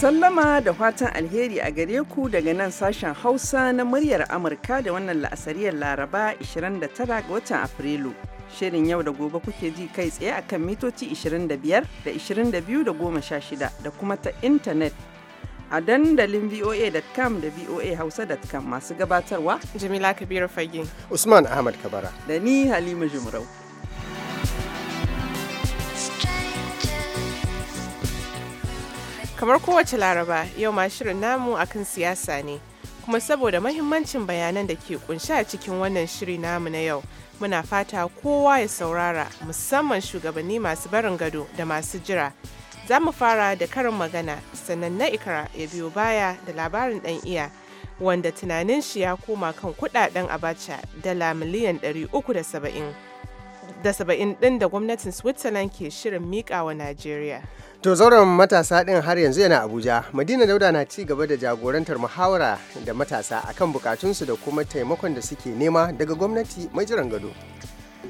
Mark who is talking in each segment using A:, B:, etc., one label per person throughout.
A: Sallama da fatan alheri a gare ku daga nan sashen Hausa na muryar Amurka da wannan la'asariyar Laraba 29 ga watan Afrilu. Shirin yau da gobe kuke ji kai tsaye akan mitoci 25 da 22 da 16 da kuma ta intanet a dandalin voa.com da voahausa.com masu gabatarwa Jamila
B: Kabiru Fage
C: Usman Ahmad Kabara
B: da ni Halima Jumrau. Kamar kowace laraba, yau ma shirin namu akan siyasa ne, kuma saboda mahimmancin bayanan da ke kunshi a cikin wannan shiri namu na yau, muna fata kowa ya saurara musamman shugabanni masu barin gado da masu jira. Za mu fara da karin magana sannan na ikra ya biyo baya da labarin dan iya wanda tunanin shi ya koma kan kudaden abacha dala miliyan 370 da saba'in ɗin da gwamnatin Switzerland ke shirin mikawa wa Najeriya.
C: To zauren matasa ɗin har yanzu yana Abuja, Madina Dauda na ci gaba da jagorantar muhawara da matasa akan bukatunsu da kuma taimakon da suke nema daga gwamnati mai jiran gado.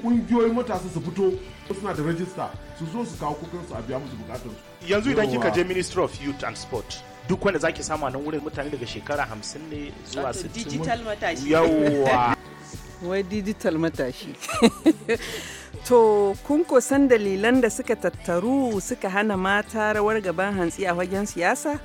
D: Ƙungiyoyin matasa su fito suna da rajista su zo su kawo kukansu a biya musu bukatunsu. Yanzu idan kika je
E: Ministry of Youth and Sport, duk wanda zaki samu a nan wurin mutane daga shekara hamsin ne zuwa sittin. Digital matashi. Yawwa.
A: Wai digital matashi. To, kun kusan dalilan da suka tattaru suka hana mata rawar gaban hantsi a wajen siyasa?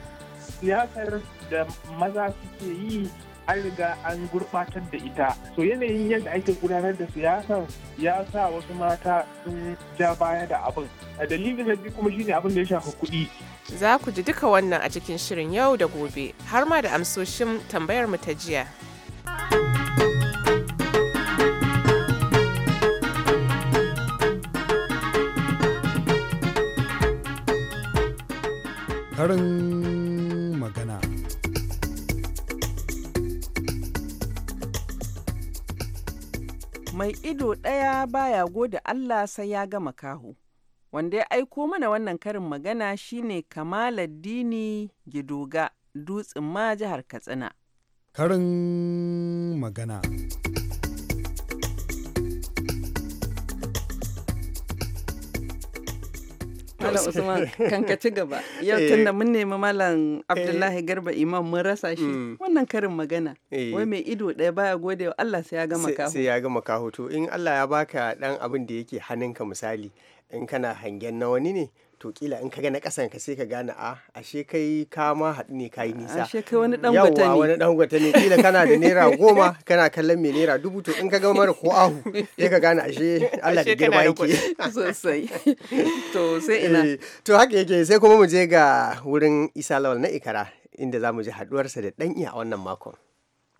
F: Siyasar da maza suke yi an riga an gurɓatar da ita. So yanayin yadda ake gudanar da siyasar ya sa wasu mata sun ja baya da abin. A dalilin na kuma shine abin da ya shafi kuɗi.
B: Za ku ji duka wannan a cikin shirin yau da gobe, har ma da amsoshin tambayar mu ta jiya.
A: ba baya gode Allah sai ya ga makaho. Wanda ya aiko mana wannan karin magana shine Kamaladdini Gidoga, Dutsen ma jihar Katsina.
G: Karin magana.
A: Malam Usman kan ka ci gaba. Yau eh, tun da mun nemi Malam eh. Abdullahi Garba Imam mun rasa shi. Mm. Wannan karin magana. Eh. Wai mai ido ɗaya baya gode wa Allah sai ya gama kahu. Sai ya
C: gama kahu. to in Allah ya baka ɗan abin da yake hannunka misali in kana hangen na wani ne to kila in ka ga na kasan ka sai ka gane a ah, ashe kai ka ma haɗu ne ka yi nisa ashe kai
A: wani dan gwata ne wani dan
C: gwata ne kila kana da naira goma kana kallon mai naira dubu to in ka ga mara ko ahu sai ka gane ashe Allah da girma yake
A: sosai to sai ina eh,
C: to haka yake sai kuma mu je ga wurin Isa Lawal na Ikara inda za mu ji haɗuwarsa da ɗan iya a wannan makon.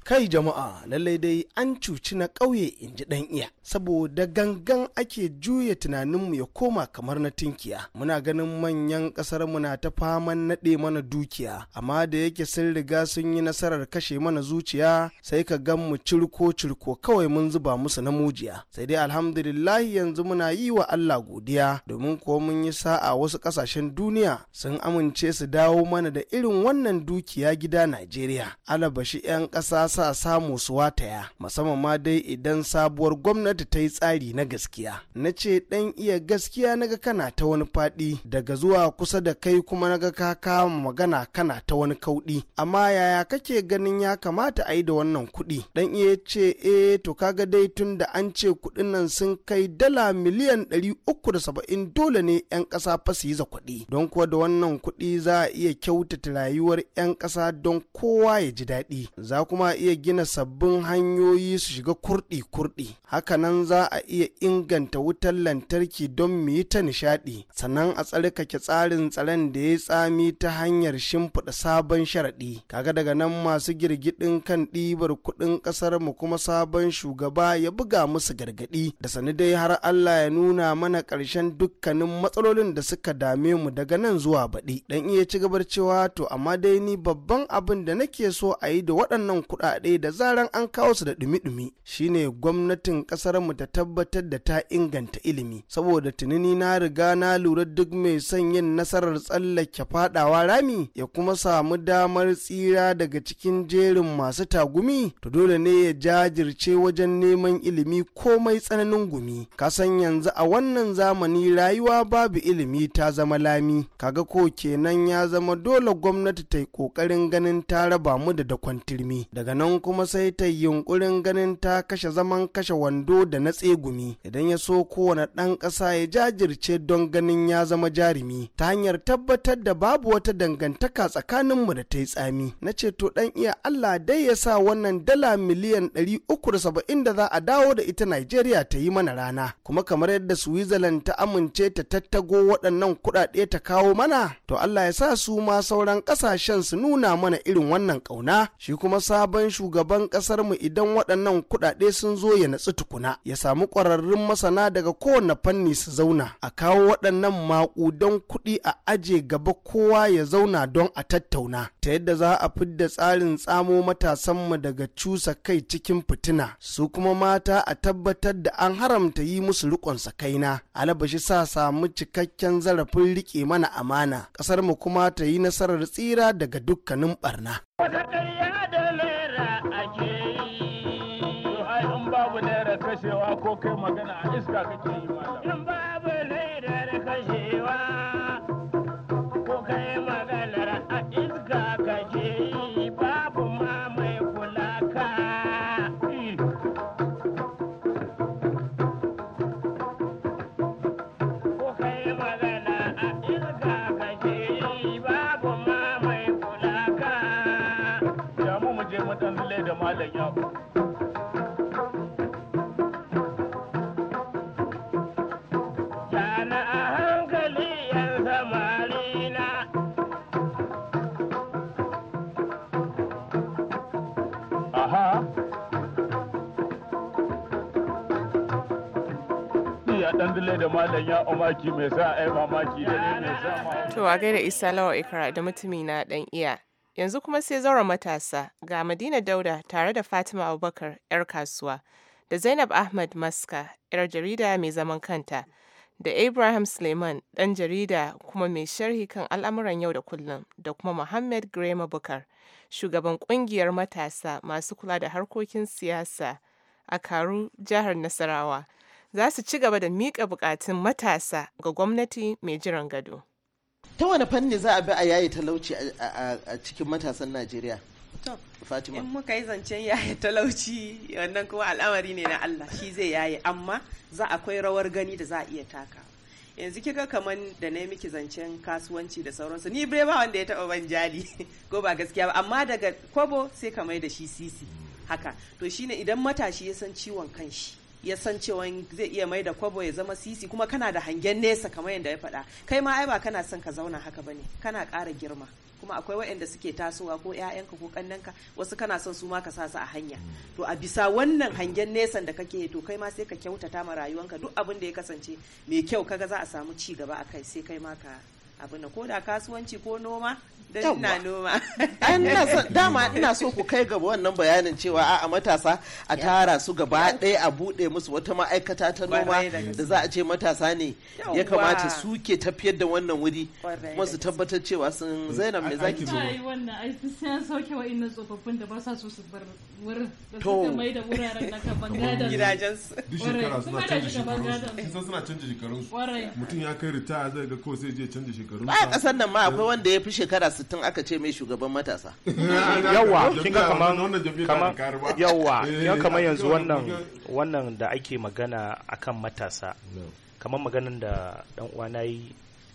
C: kai jama'a lallai dai an cuci na ƙauye in ji ɗan iya saboda gangan ake juya tunaninmu ya
G: koma kamar na tinkiya muna ganin manyan ƙasar na ta faman naɗe mana dukiya amma da yake sun riga sun yi nasarar kashe mana zuciya sai ka gan mu cirko cirko kawai mun zuba musu na mujiya sai dai alhamdulillahi yanzu muna yi wa Allah godiya domin ko mun yi sa'a wasu ƙasashen duniya sun amince su dawo mana da irin wannan dukiya gida Najeriya alabashi 'yan ƙasa sa samu su wataya musamman ma dai idan sabuwar gwamnati ta yi tsari na gaskiya na ce dan iya gaskiya naga kana ta wani faɗi daga zuwa kusa da kai kuma naga ka kama magana kana ta wani kauɗi amma yaya kake ganin ya kamata a yi da wannan kuɗi dan iya ce eh to kaga dai tun da an ce kuɗin nan sun kai dala miliyan ɗari uku da saba'in dole ne 'yan kasa fa su yi za kuɗi don kuwa da wannan kuɗi za a iya kyautata rayuwar 'yan kasa don kowa ya ji daɗi za kuma iya gina sabbin hanyoyi su shiga kurɗi-kurɗi hakanan za a iya inganta wutar lantarki don mu yi ta nishaɗi sannan a tsarkake tsarin tsaron da ya tsami ta hanyar shimfiɗa sabon sharaɗi kaga daga nan masu girgidin kan ɗibar kuɗin ƙasar mu kuma sabon shugaba ya buga musu gargaɗi da sani dai har Allah ya nuna mana ƙarshen dukkanin matsalolin da suka dame mu daga nan zuwa baɗi dan iya ci gabar cewa to amma dai ni babban abin da nake so a yi da waɗannan kuɗa kuɗaɗe da zaran an kawo su da ɗumi-ɗumi shine gwamnatin ƙasar mu ta tabbatar da ta inganta ilimi saboda tunani na riga na lura duk mai son yin nasarar tsallake faɗawa rami ya kuma samu damar tsira daga cikin jerin masu tagumi to dole ne ya jajirce wajen neman ilimi komai tsananin gumi kasan yanzu a wannan zamani rayuwa babu ilimi ta zama lami kaga ko kenan ya zama dole gwamnati ta yi ƙoƙarin ganin ta raba mu da dakwantirmi daga nan kuma sai ta yunkurin ganin ta kashe zaman kashe wando da na tsegumi idan ya so kowane ɗan ƙasa ya jajirce don ganin ya zama jarumi ta hanyar tabbatar da babu wata dangantaka tsakaninmu da ta yi tsami na ce to ɗan iya Allah dai ya sa wannan dala miliyan ɗari uku da saba'in za a dawo da ita Najeriya ta yi mana rana kuma kamar yadda Switzerland ta amince ta tattago waɗannan kuɗaɗe ta kawo mana to Allah ya sa su ma sauran ƙasashen su nuna mana irin wannan ƙauna shi kuma sabon shugaban ƙasarmu idan waɗannan kuɗaɗe sun zo ya natsu tukuna ya samu ƙwararrun masana daga kowane fanni su zauna a kawo waɗannan maƙudan kuɗi a aje gaba kowa ya zauna don a tattauna ta yadda za a fidda tsarin tsamo matasanmu daga cusa kai cikin fitina su kuma mata a tabbatar da an haramta yi musu riƙon sakaina alabashi sa samu cikakken zarafin riƙe mana amana ƙasarmu kuma ta yi nasarar tsira daga dukkanin barna.
E: Got me to you. To a
B: gaida Isa Lawa Ikra da mutumi na dan iya. Yanzu kuma sai zaura matasa ga Madina Dauda tare da Fatima Abubakar 'yar kasuwa da Zainab Ahmad Maska 'yar jarida mai zaman kanta da Ibrahim Suleiman ɗan jarida kuma mai sharhi kan al'amuran yau da kullum da kuma Muhammad Grema Bukar shugaban ƙungiyar matasa masu kula da harkokin siyasa a Karu jihar Nasarawa. za su ci gaba da miƙa bukatun matasa ga gwamnati mai jiran gado.
H: Ta wani fanni za a bi a yayi talauci a cikin matasan Najeriya?
B: Fatima. In muka yi zancen yayi talauci wannan
I: kuma al'amari ne na Allah shi zai yaye amma za akwai rawar gani da za a iya taka. yanzu kika kaman da na miki zancen kasuwanci da sauransu ni bai ba wanda ya taba ban jali ko ba gaskiya ba amma daga kwabo sai ka mai da shi sisi haka to shine idan matashi ya san ciwon kanshi ya san cewa zai iya mai da kwabo ya zama sisi kuma kana da hangen nesa kamar yadda ya faɗa kai ma ai ba kana son ka zauna haka bane kana ƙara girma kuma akwai waɗanda suke tasowa ko ƴaƴanka ko ƙannanka wasu kana son su ma ka sa su a hanya mm. to a bisa wannan hangen nesan da kake to kai ma sai ka kyautata ma rayuwanka duk abin da ya kasance mai kyau kaga za a samu ci gaba akai sai kai ma ka abin ko da kasuwanci ko noma don ina noma dama
H: ina so ku kai gaba wannan bayanin cewa a matasa a tara su gaba ɗaya a buɗe musu wata ma'aikata ta noma da za a ce matasa ne ya kamata su ke tafiyar da wannan wuri kuma su tabbatar cewa sun zainab mai zaki ce
J: wannan ai sun sauke wa inna tsofaffin da ba sa su bar wurin da gidajen su duk shekara suna canza shekarun
D: su suna canja shekarun su mutum ya kai ritaya zai ga ko sai je canza shekarun shekaru
J: ba kasar
H: nan ma akwai wanda ya fi shekara 60 aka ce mai shugaban matasa
E: yawa kin ga kaman yawa yan kama yanzu wannan wannan da ake magana akan matasa kaman maganan da dan uwana yi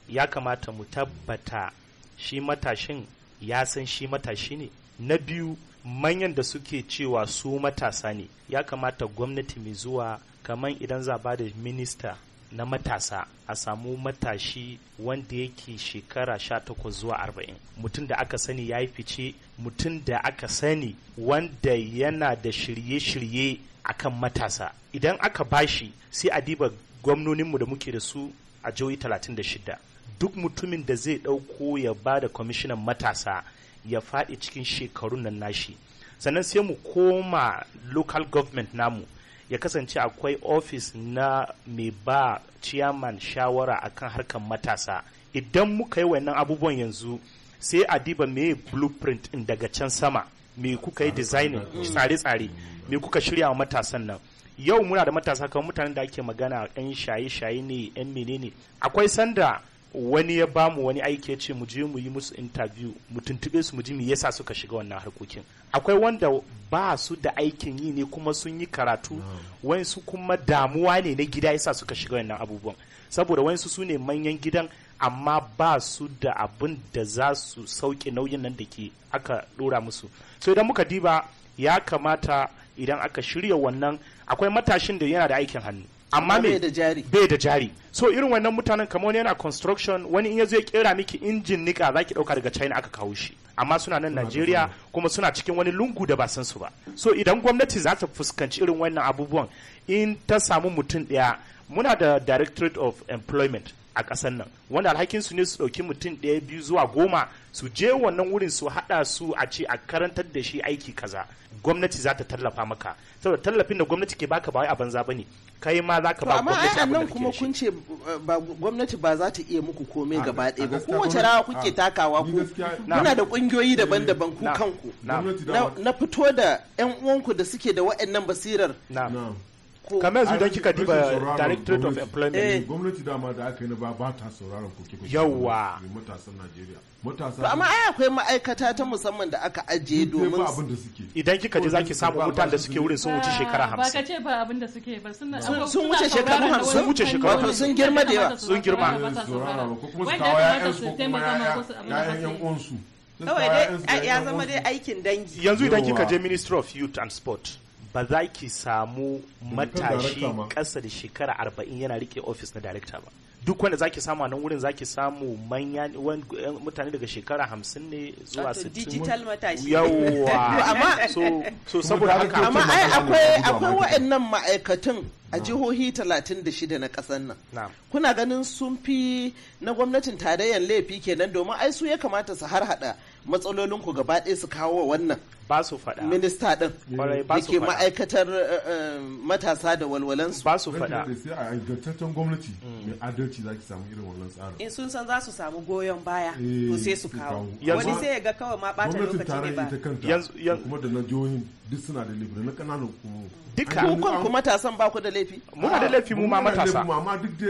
E: ya kamata mu tabbata shi matashin ya san shi matashi ne na biyu manyan da suke cewa su matasa ne ya kamata gwamnati mai zuwa kamar idan za ba da minista na matasa a samu matashi wanda yake shekara sha takwas zuwa arba'in mutum da aka sani ya yi fice mutum da aka sani wanda yana da shirye-shirye akan matasa idan aka bashi sai a diba gwamnoninmu da muke da su a jihohi 36 duk mutumin da zai ɗauko ya ba da kwamishinan matasa ya faɗi cikin shekarun nan nashi sannan sai mu koma local government namu ya kasance akwai ofis na mai ba ciyaman shawara akan harkar matasa idan muka yi wannan abubuwan yanzu sai a diba me blueprint in daga can sama me kuka yi designing tsare-tsare me kuka shirya wa matasan nan yau muna da matasa kamar mutanen da ake magana yan shaye-shaye ne yan menene akwai sanda wani ya ba mu wani aiki ya ce mu je mu yi musu interview mu tuntube su mu ji me yasa suka shiga wannan harkokin akwai wanda ba su da aikin yi ne kuma sun yi karatu wasu kuma damuwa ne na gida yasa suka shiga wannan abubuwan saboda wasu su ne manyan gidan amma ba su da abin da za su sauke nauyin nan da ke aka dora musu so idan muka diba ya kamata idan aka shirya wannan akwai matashin da yana da aikin hannu amma me bai da jari so irin wannan mutanen kamar wani yana construction wani in ya zo ya kera miki injin nika zaki dauka daga China aka kawo shi amma suna nan Najeriya kuma suna cikin wani lungu da ba san su ba so idan gwamnati za ta fuskanci irin wannan abubuwan in ta samu mutum daya muna da directorate of employment a ƙasar nan wanda alhakin su ne su ɗauki mutum ɗaya biyu zuwa goma su je wannan wurin su haɗa su a ce a karantar da shi aiki kaza gwamnati za ta tallafa maka saboda tallafin da gwamnati ke baka ba wai a banza bane kai ma za ka ba gwamnati abin da kuma
H: kun ce gwamnati ba za ta iya muku komai gaba ɗaya ba kowace rawa kuke takawa ku kuna da ƙungiyoyi daban-daban ku kanku na fito da 'yan uwanku da suke da wa'annan basirar kamar yanzu don kika diba directorate of employment eh.
D: gwamnati dama da aka yi ba ba ta sauraron yawa matasan Najeriya to amma
H: ai akwai ma'aikata
E: ta musamman da aka ajiye domin abin da suke idan kika je zaki samu mutanen da suke wurin sun wuce ah, shekara 50 ba ka
J: ce ba abin da suke ba sun sun wuce shekaru 50 sun wuce shekaru sun girma da yawa sun girma ko kuma su kawo ya'yan su ko yan
D: uwan su
E: kawai dai ya zama dai
I: aikin dangi yanzu idan kika je
E: ministry of youth and sport ba za ki samu matashi ƙasa da shekara arba'in yana rike ofis na darekta ba duk wanda zaki samu a nan wurin zaki samu manya mutane daga shekara hamsin ne zuwa sittin digital
I: matashi amma
E: so saboda haka amma ai akwai akwai
F: wa'annan
H: ma'aikatan a jihohi 36 na kasar nan kuna ganin sun fi na gwamnatin tarayyar laifi kenan domin ai su ya kamata su har hada matsalolin ku gaba ɗaya su kawo wannan ba su faɗa minista ɗin ke ma'aikatar eh, eh, matasa da su ba su faɗa sai
D: a ingantaccen gwamnati mai adalci za ki samu irin wannan tsarin
I: in sun san za su samu goyon baya to
D: eh, sai su kawo wani sai ya
I: ga kawai ma ɓata lokaci ne ba
D: kuma da na jihohin duk suna da na ƙananan hukumomi duka hukun ku
H: matasan ba ku da laifi muna da laifi mu ma matasa amma
D: duk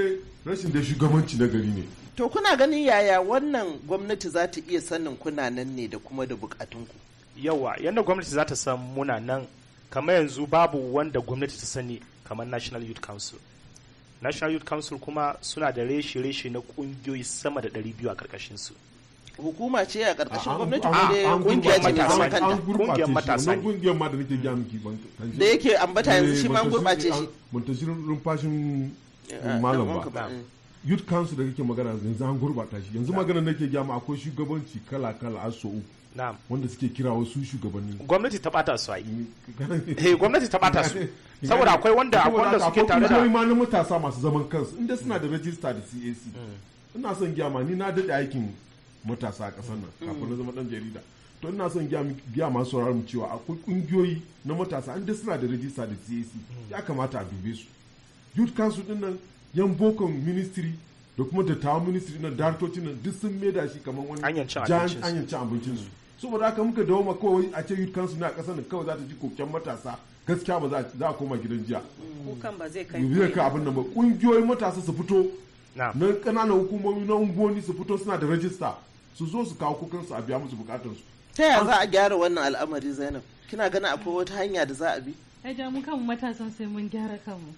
D: rashin da shugabanci na gari ne
H: To kuna ganin yaya wannan gwamnati za ta iya sanin kuna nan ne da kuma
E: da bukatunku? Yawa, yadda gwamnati za ta san muna nan, kamar yanzu babu wanda gwamnati ta sani kamar National Youth Council. National Youth Council kuma suna da reshe-reshe na kungiyoyi sama da 200 a karkashin su. Hukuma ce a karkashin gwamnati ko dai ƙungiyar ce ta kanta? Kungiyar matasa ne.
D: Kungiyar ma da nake gaya hmm. miki ban Da yake ambata yanzu shi ma eh, gurɓace gurbace shi. Mun ta rumfashin eh, malam ba. youth council da kake magana yanzu an gurbata shi yanzu maganar nake ma akwai shugabanci kala kala a so wanda suke kira wasu shugabanni
E: gwamnati ta bata su ai eh gwamnati ta bata su saboda akwai wanda akwai wanda suke tare da
D: akwai matasa masu zaman kansu inda suna da register da CAC mm. ina son ma ni na dade aikin matasa a kasar nan mm. kafin na zama dan jarida to ina son gya masu sauraron cewa akwai kungiyoyi na matasa inda suna da register da cac mm. ya kamata a dube su youth council din nan yan bokon ministry da kuma dattawan ministry na dartoci nan duk sun maida shi kamar wani jan anyanci abincinsu saboda haka muka dawo kawai a ce yi kansu na kasar kawai za ta ji koken matasa gaskiya ba za a koma gidan jiya
I: kukan ba zai kai zai
D: kai abin nan ba kungiyoyin matasa su fito na kananan hukumomi na unguwanni su fito suna da rajista su zo su kawo su a biya musu bukatansu.
J: ta yaya za
H: a gyara wannan al'amari zainab kina gana akwai wata hanya da za a bi
J: ya da mu matasan sai mun gyara kanmu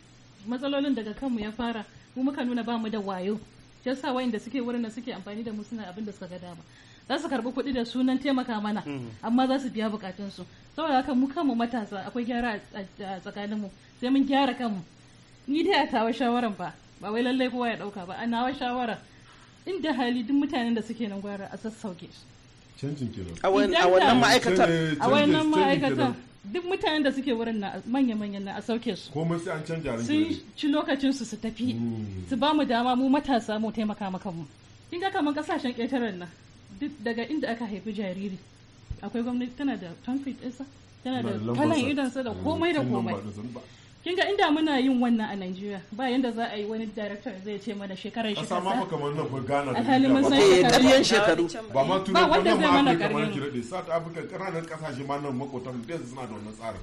J: matsalolin daga kanmu ya fara mu muka nuna ba mu da wayo shi yasa wayanda suke wurin da suke amfani da mu suna abin da suka ga dama za su karbi kuɗi da sunan taimaka mana mm. amma za su biya bukatun su saboda haka mu kanmu matasa akwai gyara a tsakaninmu sai mun gyara kanmu ni dai a tawa shawaran ba ba wai lallai kowa ya dauka ba a nawa shawara inda hali duk mutanen da suke nan gwara a sassauke
D: su a wannan ma'aikatar a wannan ma'aikatar
J: duk mutanen da suke wurin na manya-manyan na a sauke su komai
D: sai an canja sun
J: ci lokacin su su tafi hmm. su ba mu dama mu matasa mu taimaka maka mu kin ga kamar kasashen ƙetaren nan duk daga inda aka haifi jariri akwai gwamnati tana da tamfit ɗinsa tana da kalan sa da hmm. komai da komai kin ga inda muna yin wannan a Najeriya ba yanda za a yi wani director zai ce mana shekarar shi kasa ma
D: kamar nan ko Ghana da halin mun san shekaru shekaru ba ma turai ba wanda zai mana karin South Africa kananan kasashe ma nan makotan da suna da wannan tsarin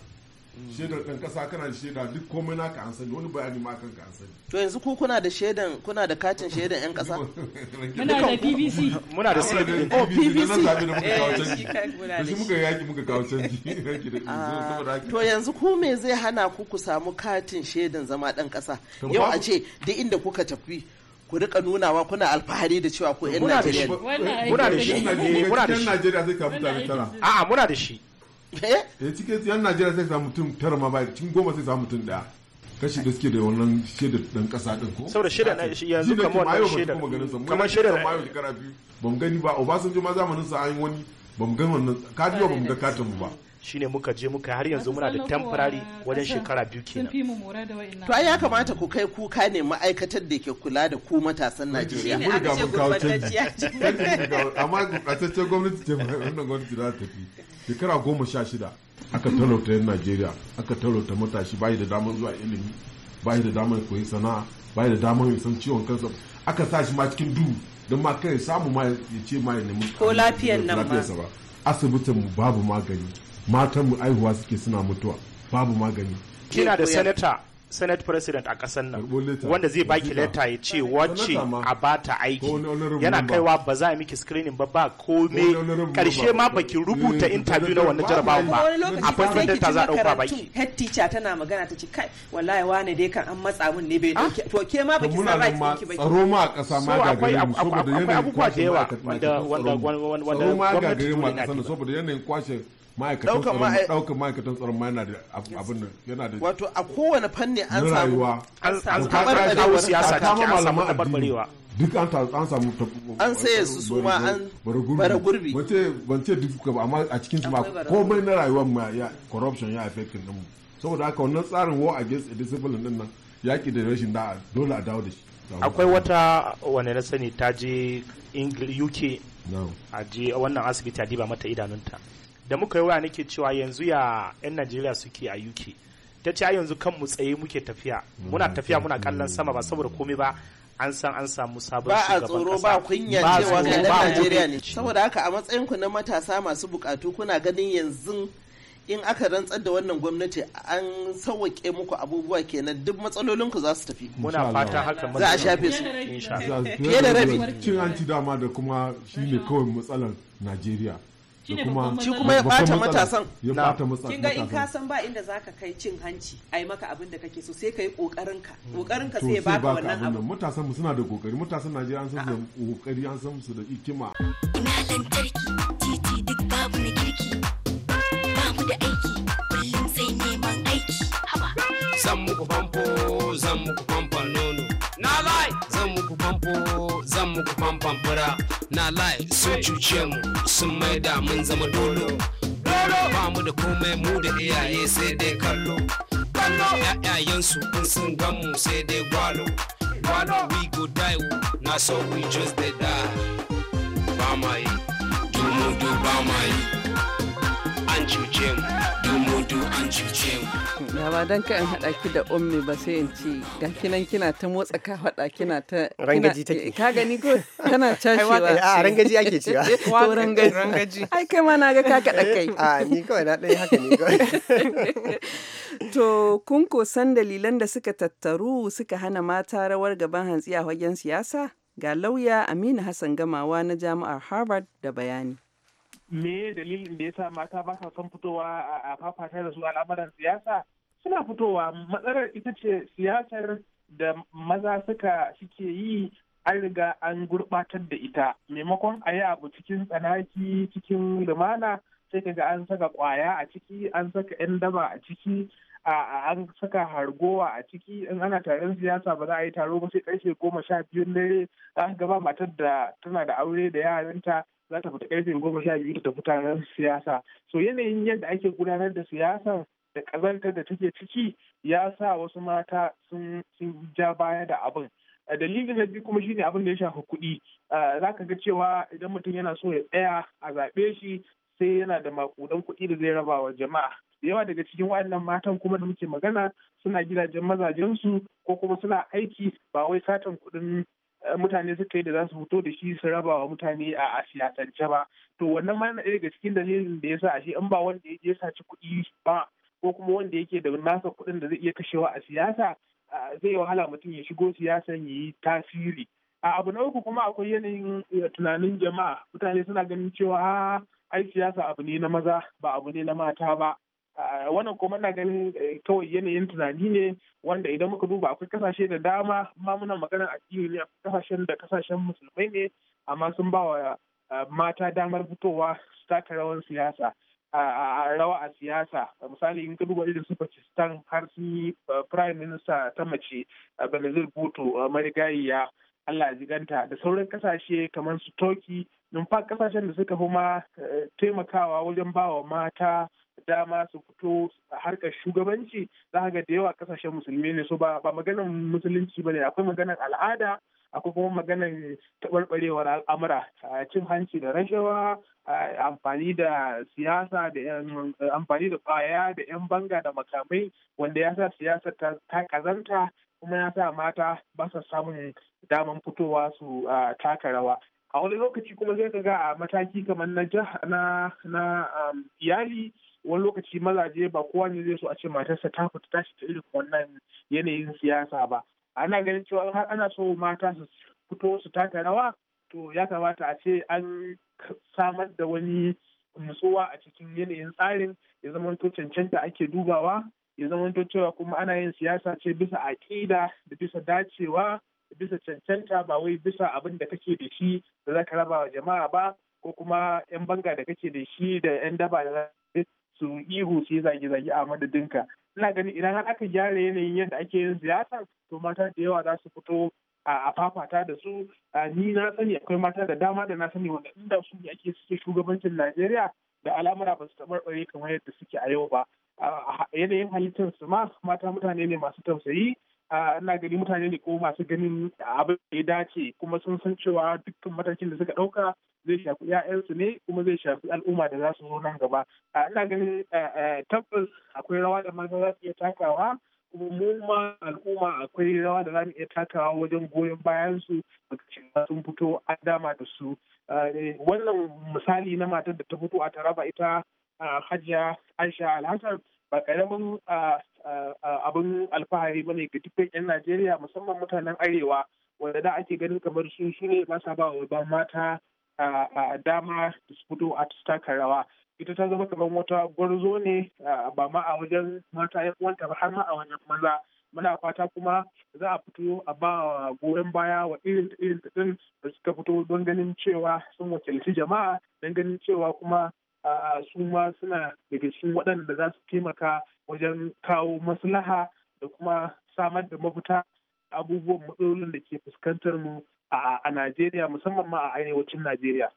D: shaidar ɗan kasa kana da shaida duk komai na ka sani wani bayani ma kan ka sani
H: to yanzu ku kuna da shaidan kuna da katin shaidan yan kasa.
D: muna da BBC muna da CBN BBC na zabi da muka kawo eh, canji shi muka yaki muka kawo canji ah, to
H: yanzu ku me zai hana ku ku samu katin shaidan zama ɗan kasa. yau a ce duk inda kuka tafi ku rika nunawa kuna alfahari da cewa ku 'yan Najeriya muna da shi muna da shi Najeriya
D: zai kawo mutane a'a muna da shi eh, eh cikin yan najeriya sai samu mutum tara ma bai cikin goma sai samu mutum daya kashi da suke da wannan shaidar dan kasa din ko saboda
E: shaida na yanzu kamar wannan shaida
D: kamar shaida na mayo biyu ban gani ba obasanjo ma zamanin sa an yi wani ban ga wannan kadiyo ban ga katin ba shine muka je muka har yanzu muna da temporary wajen shekara biyu
J: kenan to ai ya
H: kamata ku kai kuka ne ma'aikatar da ke kula da ku matasan
D: Najeriya mun ga mun kawo canji amma gurbatacce gwamnati ce wannan gwamnati za ta tafi shekara goma sha shida aka talauta yan Najeriya aka talauta matashi bayi da damar zuwa ilimi bayi da damar koyi sana'a bayi da damar ya san ciwon kansa aka sa shi ma cikin duhu don ma kai samu ma ya ce ma ya nemi ko lafiyar nan ba asibitin babu magani matan mu aihuwa suke suna mutuwa babu magani
E: kina da senator senate president a kasar nan wanda zai baki leta ya ce wacce a bata aiki yana kaiwa ba za a miki screening ba ba kome karshe ma baki rubuta eh, interview na wannan jarabawan ba appointment letter za a dauka baki
I: head teacher tana magana ta ce kai wallahi wane dai kan an matsa mun ne ah! to ke ma baki baki tsaro
E: ma a kasa ma ga gari saboda yanayin kwashe wanda wanda wanda wanda a
D: saboda kwashe daukan ma'aikatan tsaron ma yana da abin da yana da wato a
H: kowane fanni an samu an samu kawo siyasa ta an samu
D: tabarbarewa duk an ta an samu ta an saye su su ma an bara gurbi ban ce duk ba amma a cikin su ma komai na rayuwar mu ya corruption ya affect din mu saboda haka wannan tsarin war against discipline din nan yaki da rashin da'a dole a dawo da shi akwai
E: wata wane na sani ta je uk a je wannan asibiti a diba mata idanunta da muka yi waya nake cewa yanzu ya 'yan najeriya suke a uk ta ce yanzu kan mu tsaye muke tafiya mm, muna tafiya muna kallon mm. sama ba saboda komai ba an san an samu sabon shugaban kasa ba a tsoro ba kunya cewa ga Najeriya ne
H: saboda haka a matsayin ku na matasa masu bukatu kuna ganin yanzu in aka rantsar da wannan gwamnati an sauwaƙe muku abubuwa kenan duk matsalolin ku za su tafi muna fatan haka za a shafe su
D: da rabi cin anti dama da kuma shine kawai matsalar Najeriya shi kuma ya bata matasan kin ga in ka
I: san ba inda zaka kai cin hanci a yi maka abin da kake so sai kai kokarin ka kokarin ka mm. sai ya baka wannan abin
D: matasan mu suna da kokari matasan Najeriya an san su da kokari an san su da hikima ina lantarki titi duk
G: babu na kirki ba mu da aiki kullum sai neman aiki haba zan muku famfo zan muku famfon nono na lai zan muku famfo zan muku famfon fura na life sun mu sun maida mun zama dolo dolo ba mu da komai mu da iyaye sai dai kallo kallo ƴaƴayensu in sun gan mu sai dai gwalo gwalo we go die na so we just dey die ba ma yi dumu du ba ma yi an cuce mu do an cuce
A: na ba dan ka haɗa ki da ummi ba sai in ci ga kinan kina ta motsa ka haɗa kina ta rangaji take eh, ka gani ko tana cashewa a ah, rangaji ake cewa to rangaji ai kai ma na ga ka kaɗa eh, kai a ah, ni kawai na ɗaya haka ni kawai to kun san dalilan da suka tattaru suka hana mata rawar gaban hantsi a wajen siyasa ga lauya Aminu Hassan Gamawa na Jami'ar Harvard da bayani.
F: me dalilin da yasa mata ba sa son fitowa a fafata da su al'amuran siyasa suna fitowa matsalar ita ce siyasar da maza suka suke yi an riga an gurɓatar da ita maimakon a yi abu cikin tsanaki cikin lumana sai ka ga an saka kwaya a ciki an saka 'yan daba a ciki an saka hargowa a ciki in ana taron siyasa ba za a yi taro ba sai karfe goma sha biyun dare za ka gaba matar da tana da aure da yaranta za ta fita karfe goma sha biyu ta fita siyasa so yanayin yadda ake gudanar da siyasa da kazantar da take ciki ya sa wasu mata sun ja baya da abin dalilin na biyu kuma shine abin da ya shafi kuɗi za ka ga cewa idan mutum yana so ya tsaya a zaɓe shi sai yana da makudan kuɗi da zai raba wa jama'a yawa daga cikin waɗannan matan kuma da muke magana suna gidajen mazajensu ko kuma suna aiki ba wai satan kuɗin mutane suka yi da za su fito da shi su raba wa mutane a siyasance ba to wannan ma yana ɗaya daga cikin dalilin da ya sa ashe in ba wanda ya je saci kuɗi ba ko kuma wanda yake da nasa kuɗin da zai iya kashewa a siyasa zai wahala mutum ya shigo siyasan ya yi tasiri a abu na uku kuma akwai yanayin eh, tunanin jama'a mutane suna ganin cewa ah, ai siyasa abu ne na maza ba abu ne na mata ba wannan kuma na ganin eh, kawai yanayin tunani ne wanda idan muka duba akwai kasashe da dama ma muna magana cikin ne kasashen da kasashen musulmai ne amma sun ba wa eh, mata damar fitowa su taka rawar siyasa a rawa a siyasa misali in ka duba irin su pakistan har su yi eh, prime minister ta mace benazir bhutto marigayiya allah ziganta da sauran kasashe kamar su turkey numfa kasashen da suka fi ma taimakawa wajen ba wa mata dama su fito a harkar shugabanci za ga da yawa kasashen musulmi ne so ba maganar musulunci ba ne akwai maganar al'ada akwai kuma maganar taɓarɓarewar al'amura cin hanci da rashawa amfani da siyasa da amfani da kwaya da 'yan banga da makamai wanda ya sa siyasa ta kazanta kuma ya sa mata ba sa samun daman fitowa su taka rawa a wani lokaci kuma zai ga a mataki kamar na na iyali wani lokaci mazaje ba kowa ne zai so a ce matarsa ta fita tashi ta irin wannan yanayin siyasa ba ana ganin cewa har ana so mata su fito su taka rawa to ya kamata a ce an samar da wani nutsuwa a cikin yanayin tsarin ya zama to cancanta ake dubawa ya zama to cewa kuma ana yin siyasa ce bisa aƙida da bisa dacewa da bisa cancanta ba wai bisa abin da kake da shi da za ka raba wa jama'a ba ko kuma 'yan banga da kake da shi da 'yan daba da su ihu su yi zage-zage a madadinka ina ganin idan har aka gyara yanayin yadda ake yin siyasa to mata da yawa za su fito a fafata da su ni na sani akwai mata da dama da na sani wanda inda su ne ake suke shugabancin najeriya da al'amura ba su tabarbare kamar yadda suke a yau ba yanayin halittar su ma mata mutane ne masu tausayi ina gani mutane ne ko masu ganin abin da ya dace kuma sun san cewa dukkan matakin da suka ɗauka zai shafi 'ya'yansu ne kuma zai shafi al'umma da za su zo nan gaba a ina ganin tabbas akwai rawa da maza za su iya takawa kuma mu ma al'umma akwai rawa da za mu iya takawa wajen goyon bayan su sun fito a dama da su wannan misali na matar da ta fito a taraba ita hajiya aisha alhassan ba karamin abin alfahari bane ga dukkan 'yan najeriya musamman mutanen arewa wanda da ake ganin kamar su shirya ne ba sa ba wa mata A dama su fito a taka rawa ita ta zama kamar wata gwarzo ne ba ma a wajen mata ya kwanta ba har ma a wajen maza muna fata kuma za a fito a ba goyon baya wa irin irin din da suka fito don ganin cewa sun wakilci jama'a don ganin cewa kuma su ma suna daga cikin waɗanda za su taimaka wajen kawo maslaha da kuma samar da mafita abubuwan matsalolin da ke fuskantar mu a Najeriya musamman ma a arewacin Najeriya.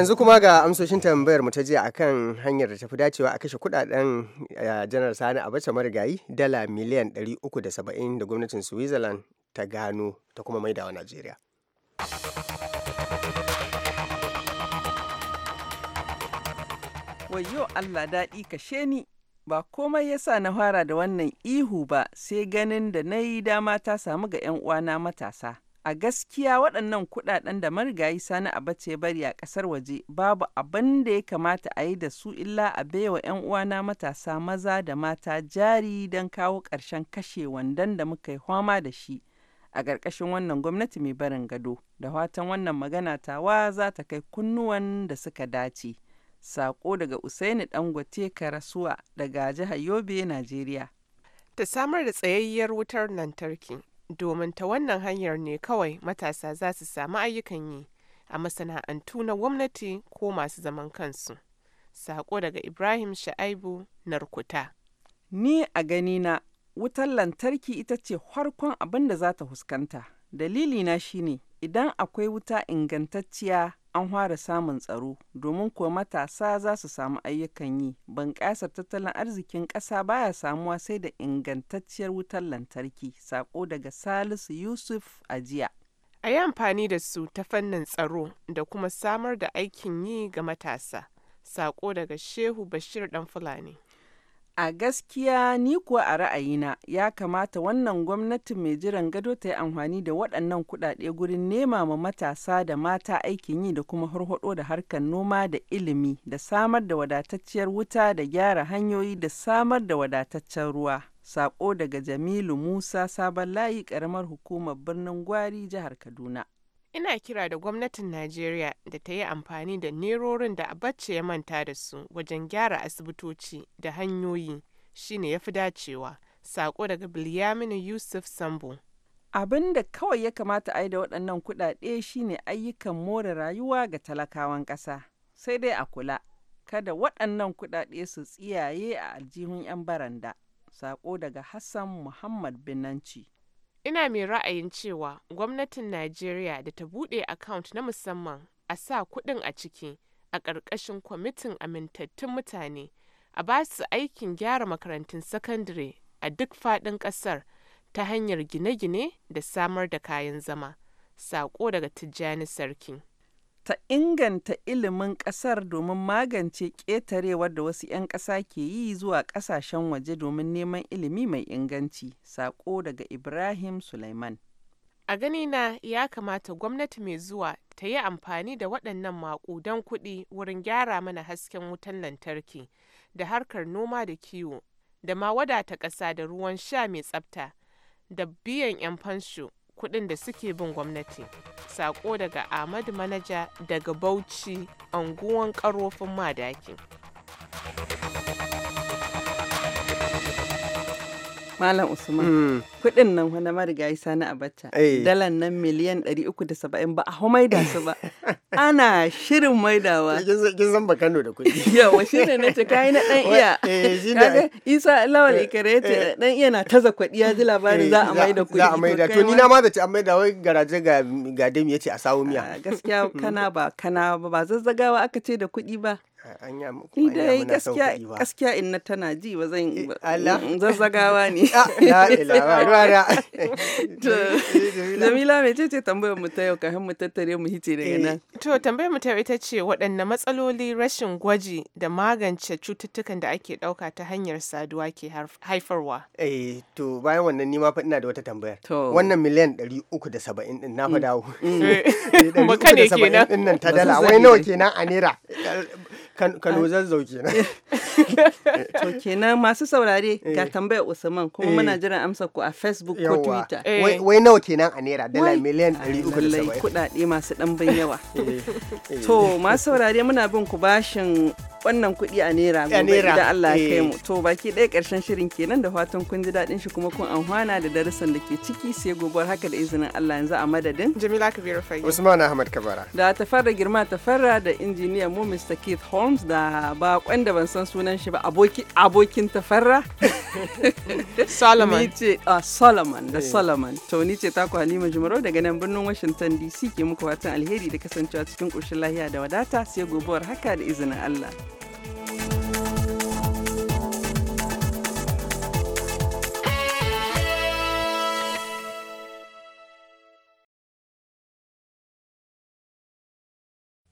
C: yanzu kuma ga amsoshin tambayar mu ta jiya akan hanyar da tafi dacewa a kashe kudaden eh, janar sani abacha marigayi dala miliyan 370 da gwamnatin switzerland ta gano ta kuma maidawa nigeria.
A: wayo allah daɗi kashe ni ba komai yasa na fara da wannan ihu ba sai ganin da na yi dama ta samu ga 'yan uwana matasa a gaskiya waɗannan kuɗaɗen da marigayi sani abace bari a ƙasar waje babu abin da ya kamata a yi da su illa a baiwa 'yan uwana matasa maza da mata jari don kawo ƙarshen kashe wandan da muka yi fama da shi a ƙarƙashin wannan gwamnati mai barin gado da watan wannan magana tawa za ta kai kunnuwan da suka dace sako daga usaini dangote karasuwa daga jihar yobe
B: najeriya ta samar da tsayayyar wutar lantarki domin ta wannan hanyar ne kawai matasa za su samu ayyukan yi a masana'antu na gwamnati ko masu zaman kansu. Sako daga Ibrahim Sha'aibu Narkuta.
A: Ni a ganina wutar lantarki ita ce farkon abin da za ta fuskanta. Dalilina shine idan akwai wuta ingantacciya an fara samun tsaro, domin kuwa matasa za su samu ayyukan yi, bunƙasar tattalin arzikin ƙasa baya samuwa sai da ingantacciyar wutar lantarki, sako daga Salisu Yusuf a
B: jiya. A yi amfani da su ta fannin tsaro da kuma samar da aikin yi ga matasa, sako daga Shehu Bashir ɗan Fulani. A gaskiya
A: ni kuwa a ra'ayina ya kamata wannan gwamnatin mai jiran gado ta yi amfani da waɗannan kuɗaɗe gurin nema ma matasa da mata aikin yi da kuma harhaɗo da harkar noma da ilimi da samar da wadatacciyar wuta da gyara hanyoyi da samar da wadataccen ruwa. Sako daga Jamilu Musa Sabon Layi ƙaramar hukumar birnin Gwari
B: jihar Kaduna. Ina kira da gwamnatin Najeriya da ta yi amfani da nerorin da Abacha ya manta da su wajen gyara asibitoci da hanyoyi shi ne ya fi dacewa, sako daga Bilyaminu Yusuf Sambo. Abin da kawai ya
A: kamata a yi da waɗannan kuɗaɗe shine ayyukan more rayuwa ga talakawan ƙasa, sai dai a kula, kada waɗannan kuɗaɗe su tsiyaye a aljihun 'yan baranda,
B: sako daga Hassan Muhammad Binanci. Ina mai ra'ayin cewa gwamnatin Najeriya da ta buɗe akawunt na musamman a sa kuɗin a ciki a ƙarƙashin kwamitin Amintattun Mutane, a ba su aikin gyara makarantun sakandare a duk faɗin ƙasar ta hanyar gine-gine da samar da kayan zama, sako daga Tijjani Sarki. ta inganta ilimin ƙasar
A: domin magance ƙetarewar da wasu 'yan ƙasa ke yi zuwa ƙasashen waje domin neman ilimi mai inganci. Sako daga Ibrahim Suleiman.
B: A ganina ya kamata gwamnati mai zuwa ta yi amfani da waɗannan maƙudan kuɗi wurin gyara mana hasken wutan lantarki da harkar noma da kiwo da ma wadata ƙasa da ruwan sha mai tsafta da biyan 'yan fansho kudin da suke bin gwamnati. Sako daga Ahmad Manaja daga Bauchi, anguwan karofin Madaki.
A: Malam Usman. Hmm. Kuɗin nan wani marigayi sani a abacha. Dalan nan miliyan 370 ba a maida su ba. Ana shirin maidawa. Kin san ba Kano da kuɗi. Yawa shi ne nace kayi na dan iya. Eh, Isa Lawal Ikare ce dan eh. iya na taza kuɗi ya ji labarin eh, za a maida kuɗi. Za a maida. To ni na ma da ci an maida wai
C: garaje ga gadem ce a sawo miya.
A: Gaskiya kana ba kana ba zazzagawa aka ce da kuɗi ba. anya muku dai gaskiya gaskiya na tana ji ba zan eh, zazzagawa ne ah, Jamila mai
B: ce ce tambayar mu ta yau kafin mu tattare mu hice daga eh, nan to tambayar mu ta ita ce waɗanne matsaloli rashin gwaji da magance cututtukan da ake ɗauka ta hanyar saduwa ke haifarwa
C: eh to bayan wannan ni ma fa ina da wata tambayar wannan miliyan 370 din na fa mm. dawo mm. Eh, uku kane kenan ɗin nan ta dala wai nawa kenan
A: a naira Kano ah. zazzau na. To kenan masu saurare ga eh. tambayar Usman kuma muna eh. jiran amsa ku a Facebook ko Twitter. Eh. Wai nawa kenan a naira dala miliyan 370. Kuɗaɗe masu ɗanbin yawa. To masu saurare muna bin ku bashin wannan kuɗi a naira gobe idan Allah ya kai eh. mu to baki ɗaya ƙarshen shirin kenan da fatan kun ji daɗin shi kuma kun amfana da darussan da ke ciki sai gobar haka da izinin Allah yanzu a
B: madadin Jamila Kabiru Fage Usman Ahmad Kabara
A: da Tafarra Girma Tafarra da injiniya mu Mr Keith Holmes da bakon da ban san sunan shi ba aboki abokin Tafarra Solomon ni ce ah, Solomon da eh. Solomon to ni ce taku Halima Jumaro daga nan birnin Washington DC ke muku fatan alheri da kasancewa cikin ƙoshin lahiya da wadata sai gobuwar haka da izinin Allah